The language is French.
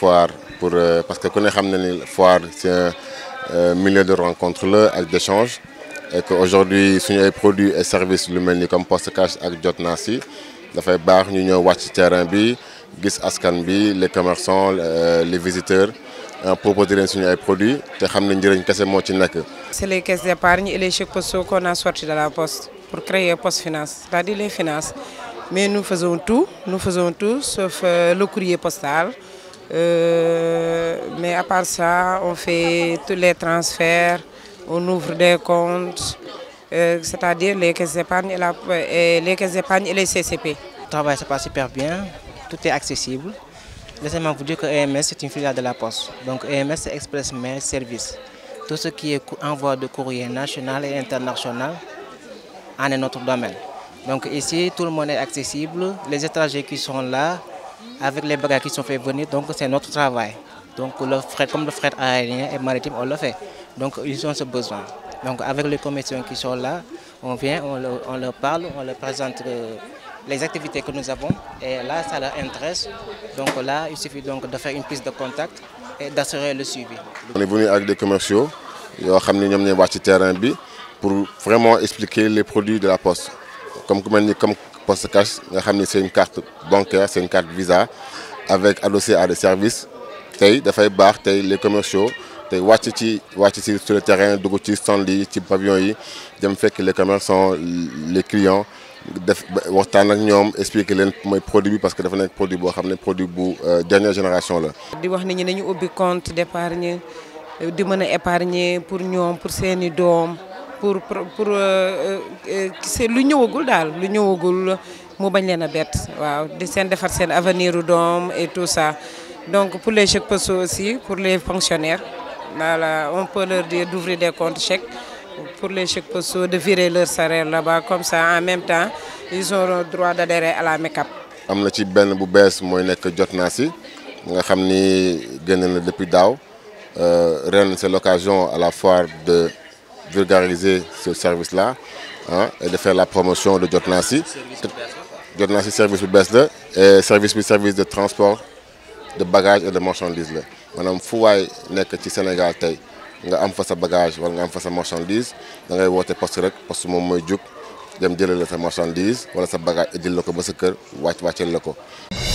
foire pour euh, parce que ku foire c'est un euh, milieu de rencontre là, et que aujourd'hui suñu ay produits et services lu comme Poste Cash ak Jotna si dafay baax ñu ñëw watch terrain bi gis askan bi les commerçants euh, les visiteurs proposer leen suñu ay produits te xam ne njëriñ kese moo ci faire. c'est les caisses d'épargne et les chèques postaux qu'on a sortis de la poste pour créer Poste Finance cest les finances mais nous faisons tout nous faisons tout sauf le courrier postal. Euh, mais à part ça, on fait tous les transferts, on ouvre des comptes, euh, c'est-à-dire les caisses d'épargne et, les et les CCP. Le travail se passe super bien, tout est accessible. Laissez-moi vous dire que EMS est une filiale de la Poste. Donc EMS c'est Express Mail Service. Tout ce qui est envoi de courrier national et international en est notre domaine. Donc ici, tout le monde est accessible. Les étrangers qui sont là, avec les bagages qui sont faits venir, donc c'est notre travail. Donc le fret, comme le fret aérien et maritime, on le fait. Donc ils ont ce besoin. Donc avec les commissions qui sont là, on vient, on, leur parle, on leur présente euh, les activités que nous avons. Et là, ça leur intéresse. Donc là, il suffit donc de faire une piste de contact et d'assurer le suivi. On est venu avec des commerciaux, ils ont terrain pour vraiment expliquer les produits de la poste. Comme, comme poste cash c'est une carte bancaire c'est une carte Visa avec adossé à des services des dafay baax tay les commerciaux tay wàcc ci sur le terrain dugg ci stand yi ci pavillon yi dem fekk les commerçants les clients def waxtaan ak ñoom expliquer produit parce que dafa nekk produit boo xam produit bu euh, dernière génération là. di wax comptes ñi compte d'épargne di monnaies épargnées pour nous, pour seeni doom pour pour euh, euh, euh, c'est l'union au daal l'union au goul, bañ leen de bett waaw avenir u et tout ça donc pour les chèques postaux aussi pour les fonctionnaires on peut leur dire d'ouvrir des comptes chèques pour les chèques postaux de virer leur salaire là-bas comme ça en même temps ils auront droit d'adhérer à la MECAP amna ci bu nga depuis l'occasion à la foire de vulgariser ce service-là hein, et de faire la promotion de Jotlancy. Jotlancy, service bu bees et service service de transport de bagages et de marchandises Madame maanaam n'est que ci Sénégal Tay. nga am fa sa bagage wala nga am fa sa marchandise da ngay woote poste rek poste moom mooy jug dem jëlee la sa marchandise wala sa bagage indil la ko ba sa kër